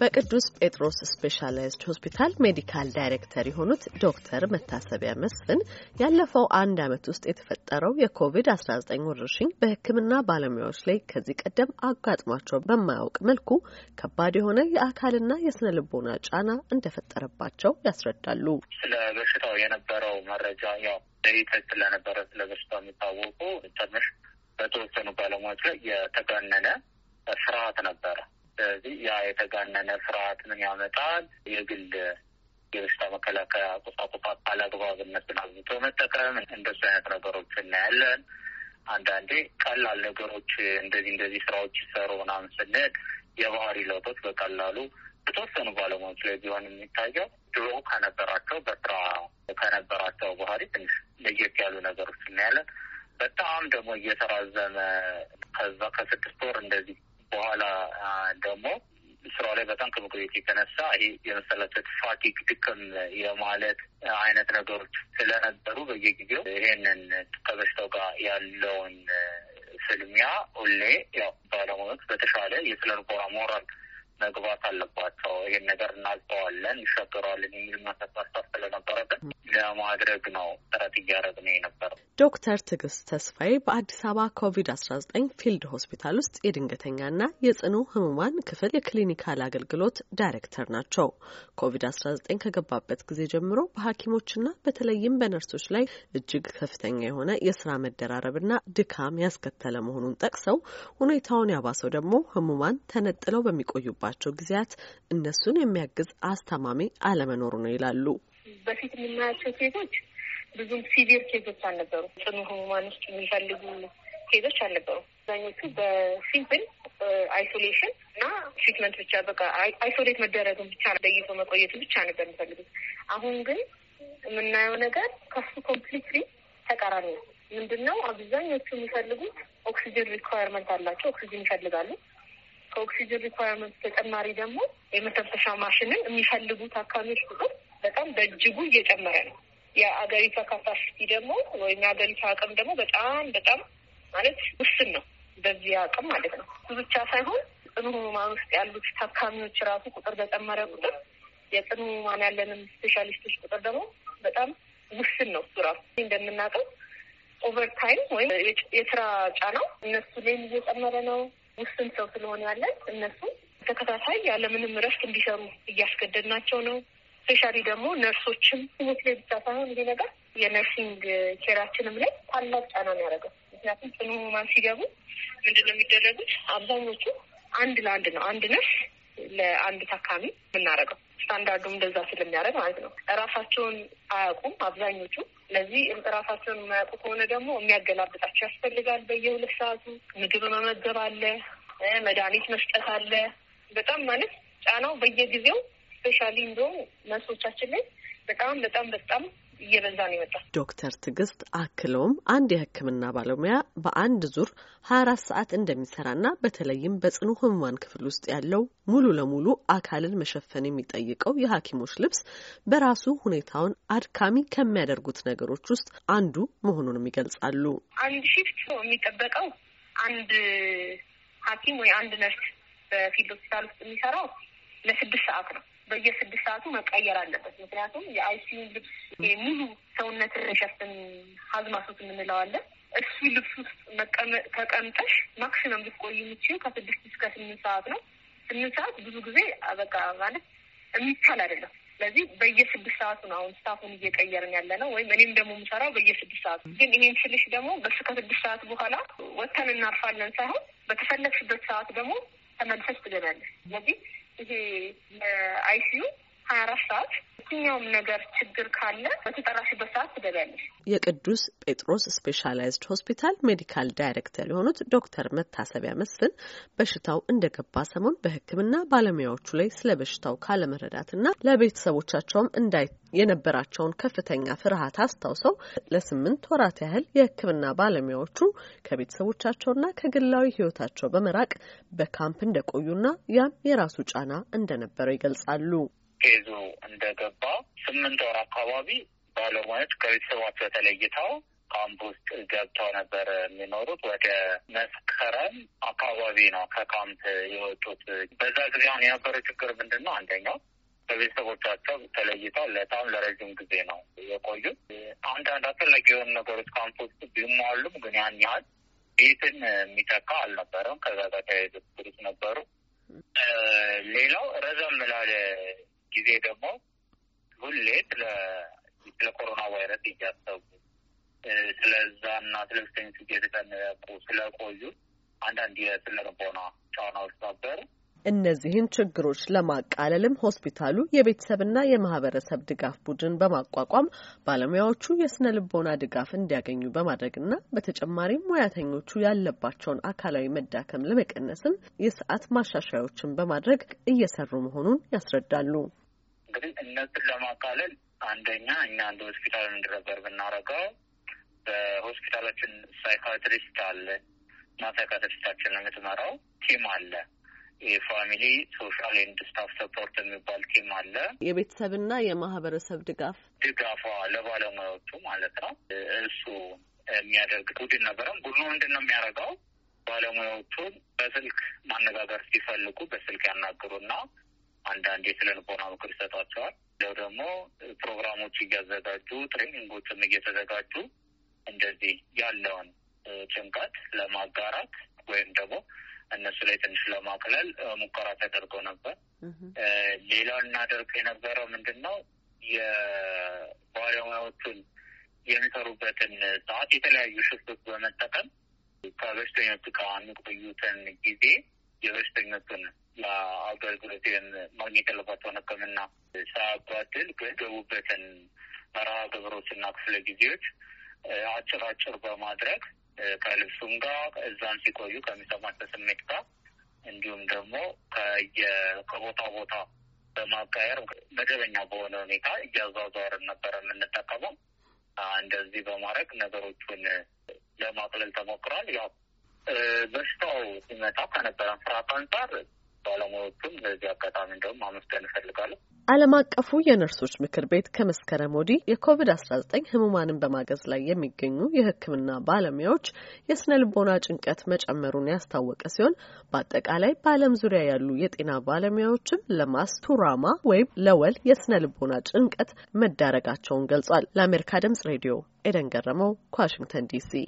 በቅዱስ ጴጥሮስ ስፔሻላይዝድ ሆስፒታል ሜዲካል ዳይሬክተር የሆኑት ዶክተር መታሰቢያ መስፍን ያለፈው አንድ ዓመት ውስጥ የተፈጠረው የኮቪድ-19 ወረርሽኝ በሕክምና ባለሙያዎች ላይ ከዚህ ቀደም አጋጥሟቸው በማያውቅ መልኩ ከባድ የሆነ የአካልና የስነ ልቦና ጫና እንደፈጠረባቸው ያስረዳሉ። ስለ በሽታው የነበረው መረጃ ያው ለይተት ስለነበረ ስለ በሽታው የሚታወቁ ትንሽ በተወሰኑ ባለሙያዎች ላይ የተጋነነ ስርዓት ነበረ ስለዚህ ያ የተጋነነ ስርዓት ምን ያመጣል? የግል የበሽታ መከላከያ ቁሳቁስ አላግባብነትን አብዝቶ መጠቀም፣ እንደሱ አይነት ነገሮች እናያለን። አንዳንዴ ቀላል ነገሮች እንደዚህ እንደዚህ ስራዎች ይሰሩ ምናምን ስንል የባህሪ ለውጦች በቀላሉ የተወሰኑ ባለሙያዎች ላይ ቢሆን የሚታየው ድሮ ከነበራቸው በስራ ከነበራቸው ባህሪ ትንሽ ለየት ያሉ ነገሮች እናያለን። በጣም ደግሞ እየተራዘመ ከዛ ከስድስት ወር እንደዚህ በኋላ ደግሞ ስራው ላይ በጣም ከመቆየት የተነሳ ይሄ የመሰላቸት ፋቲክ ድክም የማለት አይነት ነገሮች ስለነበሩ በየጊዜው ይሄንን ከበሽታው ጋር ያለውን ስልሚያ ሁሌ ያው ባለሙያዎች በተሻለ የስነ ሞራል መግባት አለባቸው። ይሄን ነገር እናልፈዋለን፣ ይሻገረዋለን የሚል ማሳሳብ ስለነበረብን ለማድረግ ነው ጥረት እያደረግን የነበረው። ዶክተር ትዕግስት ተስፋዬ በአዲስ አበባ ኮቪድ አስራ ዘጠኝ ፊልድ ሆስፒታል ውስጥ የድንገተኛና የጽኑ ህሙማን ክፍል የክሊኒካል አገልግሎት ዳይሬክተር ናቸው። ኮቪድ አስራ ዘጠኝ ከገባበት ጊዜ ጀምሮ በሐኪሞችና በተለይም በነርሶች ላይ እጅግ ከፍተኛ የሆነ የስራ መደራረብና ድካም ያስከተለ መሆኑን ጠቅሰው ሁኔታውን ያባሰው ደግሞ ህሙማን ተነጥለው በሚቆዩባቸው ጊዜያት እነሱን የሚያግዝ አስተማሚ አለመኖሩ ነው ይላሉ። በፊት የምናያቸው ኬዞች ብዙም ሲቪር ኬዞች አልነበሩ። ጽኑ ህሙማን ውስጥ የሚፈልጉ ኬዞች አልነበሩ። አብዛኞቹ በሲምፕል አይሶሌሽን እና ትሪትመንት ብቻ በቃ አይሶሌት መደረግን ብቻ ለይቶ መቆየቱ ብቻ ነበር የሚፈልጉት። አሁን ግን የምናየው ነገር ከሱ ኮምፕሊትሊ ተቃራኒ ነው። ምንድን ነው አብዛኞቹ የሚፈልጉት ኦክሲጅን ሪኳየርመንት አላቸው፣ ኦክሲጅን ይፈልጋሉ። ከኦክሲጅን ሪኳየርመንት ተጨማሪ ደግሞ የመተንፈሻ ማሽንን የሚፈልጉ ታካሚዎች ቁጥር በጣም በእጅጉ እየጨመረ ነው። የአገሪቷ ካፓሲቲ ደግሞ ወይም የአገሪቷ አቅም ደግሞ በጣም በጣም ማለት ውስን ነው። በዚህ አቅም ማለት ነው ብቻ ሳይሆን ጽኑ ህሙማን ውስጥ ያሉት ታካሚዎች ራሱ ቁጥር በጨመረ ቁጥር የጽኑ ህሙማን ያለንም ስፔሻሊስቶች ቁጥር ደግሞ በጣም ውስን ነው። እሱ ራሱ እንደምናውቀው ኦቨርታይም ወይም የስራ ጫናው እነሱ ላይም እየጨመረ ነው። ውስን ሰው ስለሆነ ያለን እነሱ ተከታታይ ያለምንም እረፍት እንዲሰሩ እያስገደድናቸው ነው። ስፔሻሊ ደግሞ ነርሶችም ትምህርት ላይ ብቻ ሳይሆን ይሄ ነገር የነርሲንግ ኬራችንም ላይ ታላቅ ጫና ነው ያደረገው። ምክንያቱም ጽኑ ህሙማን ሲገቡ ምንድን ነው የሚደረጉት? አብዛኞቹ አንድ ለአንድ ነው አንድ ነርስ ለአንድ ታካሚ የምናደርገው ስታንዳርዱም እንደዛ ስለሚያደርግ ማለት ነው። እራሳቸውን አያውቁም አብዛኞቹ። ስለዚህ እራሳቸውን የማያውቁ ከሆነ ደግሞ የሚያገላብጣቸው ያስፈልጋል። በየሁለት ሰዓቱ ምግብ መመገብ አለ፣ መድኃኒት መስጠት አለ። በጣም ማለት ጫናው በየጊዜው ስፔሻሊ እንደውም ነርሶቻችን ላይ በጣም በጣም በጣም እየበዛ ነው የመጣው። ዶክተር ትዕግስት አክለውም አንድ የሕክምና ባለሙያ በአንድ ዙር ሀያ አራት ሰዓት እንደሚሰራና በተለይም በጽኑ ህሙማን ክፍል ውስጥ ያለው ሙሉ ለሙሉ አካልን መሸፈን የሚጠይቀው የሐኪሞች ልብስ በራሱ ሁኔታውን አድካሚ ከሚያደርጉት ነገሮች ውስጥ አንዱ መሆኑንም ይገልጻሉ። አንድ ሺፍት ነው የሚጠበቀው አንድ ሐኪም ወይ አንድ ነርስ በፊልድ ሆስፒታል ውስጥ የሚሰራው ለስድስት ሰዓት ነው። በየስድስት ሰዓቱ መቀየር አለበት። ምክንያቱም የአይሲዩ ልብስ ሙሉ ሰውነትን ሸፍን ሀዝማሶት የምንለዋለን እሱ ልብስ ውስጥ ተቀምጠሽ ማክሲመም ልትቆይ የምችል ከስድስት እስከ ስምንት ሰዓት ነው። ስምንት ሰዓት ብዙ ጊዜ በቃ ማለት የሚቻል አይደለም። ስለዚህ በየስድስት ሰዓቱ ነው አሁን ስታፉን እየቀየርን ያለ ነው። ወይም እኔም ደግሞ የምሰራው በየስድስት ሰዓቱ ግን ይሄን ስልሽ ደግሞ በሱ ከስድስት ሰዓት በኋላ ወጥተን እናርፋለን ሳይሆን በተፈለግሽበት ሰዓት ደግሞ ተመልሰሽ ትገናለሽ። ስለዚህ ይሄ የአይሲዩ ሀያ አራት ሰዓት የትኛውም ነገር ችግር ካለ በተጠራሽበት ሰዓት ትገቢያለሽ። የቅዱስ ጴጥሮስ ስፔሻላይዝድ ሆስፒታል ሜዲካል ዳይሬክተር የሆኑት ዶክተር መታሰቢያ መስፍን በሽታው እንደገባ ሰሞን በሕክምና ባለሙያዎቹ ላይ ስለ በሽታው ካለመረዳትና ለቤተሰቦቻቸውም እንዳይ የነበራቸውን ከፍተኛ ፍርሃት አስታውሰው ለስምንት ወራት ያህል የህክምና ባለሙያዎቹ ከቤተሰቦቻቸውና ከግላዊ ህይወታቸው በመራቅ በካምፕ እንደቆዩና ያም የራሱ ጫና እንደነበረው ይገልጻሉ። ኬዙ እንደገባ ስምንት ወር አካባቢ ባለሙያዎች ከቤተሰባቸው ተለይተው ካምፕ ውስጥ ገብተው ነበር የሚኖሩት። ወደ መስከረም አካባቢ ነው ከካምፕ የወጡት። በዛ ጊዜ አሁን የነበረው ችግር ምንድን ነው? አንደኛው ከቤተሰቦቻቸው ተለይተው በጣም ለረዥም ጊዜ ነው የቆዩት። አንዳንድ አስፈላጊ የሆኑ ነገሮች ካምፕ ውስጥ ቢሟሉም ግን ያን ያህል ቤትን የሚጠካ አልነበረም። ከዛ ጋር ተያይዘ ችግሮች ነበሩ። ስለ ስለ ኮሮና ቫይረስ እያሰቡ ስለዛ እና ስለ ስጌት የተጨነቁ ስለቆዩ አንዳንድ የስነ ልቦና ጫናዎች ነበሩ። እነዚህን ችግሮች ለማቃለልም ሆስፒታሉ የቤተሰብና የማህበረሰብ ድጋፍ ቡድን በማቋቋም ባለሙያዎቹ የስነ ልቦና ድጋፍ እንዲያገኙ በማድረግና በተጨማሪም ሙያተኞቹ ያለባቸውን አካላዊ መዳከም ለመቀነስም የሰዓት ማሻሻያዎችን በማድረግ እየሰሩ መሆኑን ያስረዳሉ። እንግዲህ እነሱን ለማቃለል አንደኛ እኛ አንድ ሆስፒታል እንድረበር ብናረገው በሆስፒታላችን ሳይካትሪስት አለ እና ሳይካትሪስታችን የምትመራው ቲም አለ። የፋሚሊ ሶሻል ኤንድ ስታፍ ሰፖርት የሚባል ቲም አለ። የቤተሰብና የማህበረሰብ ድጋፍ ድጋፏ ለባለሙያዎቹ ማለት ነው። እሱ የሚያደርግ ቡድን ነበረም። ቡድኑ ምንድን ነው የሚያደርገው? ባለሙያዎቹ በስልክ ማነጋገር ሲፈልጉ በስልክ ያናግሩና አንዳንድ የስነ ልቦና ምክር ይሰጧቸዋል። ደግሞ ፕሮግራሞች እያዘጋጁ ትሬኒንጎችም እየተዘጋጁ እንደዚህ ያለውን ጭንቀት ለማጋራት ወይም ደግሞ እነሱ ላይ ትንሽ ለማቅለል ሙከራ ተደርጎ ነበር። ሌላው እናደርግ የነበረው ምንድን ነው የባለሙያዎቹን የሚሰሩበትን ሰዓት የተለያዩ ሽፍቶች በመጠቀም ከበሽተኞቹ ጋር የሚቆዩትን ጊዜ የበሽተኞቹን አገልግሎት ማግኘት ያለባቸውን ሕክምና ሳያጓድል ገቡበትን መርሃ እና ክፍለ ጊዜዎች አጭር አጭር በማድረግ ከልብሱም ጋር እዛም ሲቆዩ ከሚሰማቸው ስሜት ጋር እንዲሁም ደግሞ ከቦታ ቦታ በማቃየር መደበኛ በሆነ ሁኔታ እያዟዟርን ነበረ የምንጠቀመው። እንደዚህ በማድረግ ነገሮቹን ለማቅለል ተሞክሯል። ያው በሽታው ሲመጣ ከነበረን ፍርሃት አንጻር ባለሙያዎቹም ለዚህ አጋጣሚ እንደውም ማመስገን እፈልጋለሁ። ዓለም አቀፉ የነርሶች ምክር ቤት ከመስከረም ወዲህ የኮቪድ አስራ ዘጠኝ ህሙማንን በማገዝ ላይ የሚገኙ የሕክምና ባለሙያዎች የስነ ልቦና ጭንቀት መጨመሩን ያስታወቀ ሲሆን በአጠቃላይ በዓለም ዙሪያ ያሉ የጤና ባለሙያዎችም ለማስቱራማ ወይም ለወል የስነ ልቦና ጭንቀት መዳረጋቸውን ገልጿል። ለአሜሪካ ድምጽ ሬዲዮ ኤደን ገረመው ከዋሽንግተን ዲሲ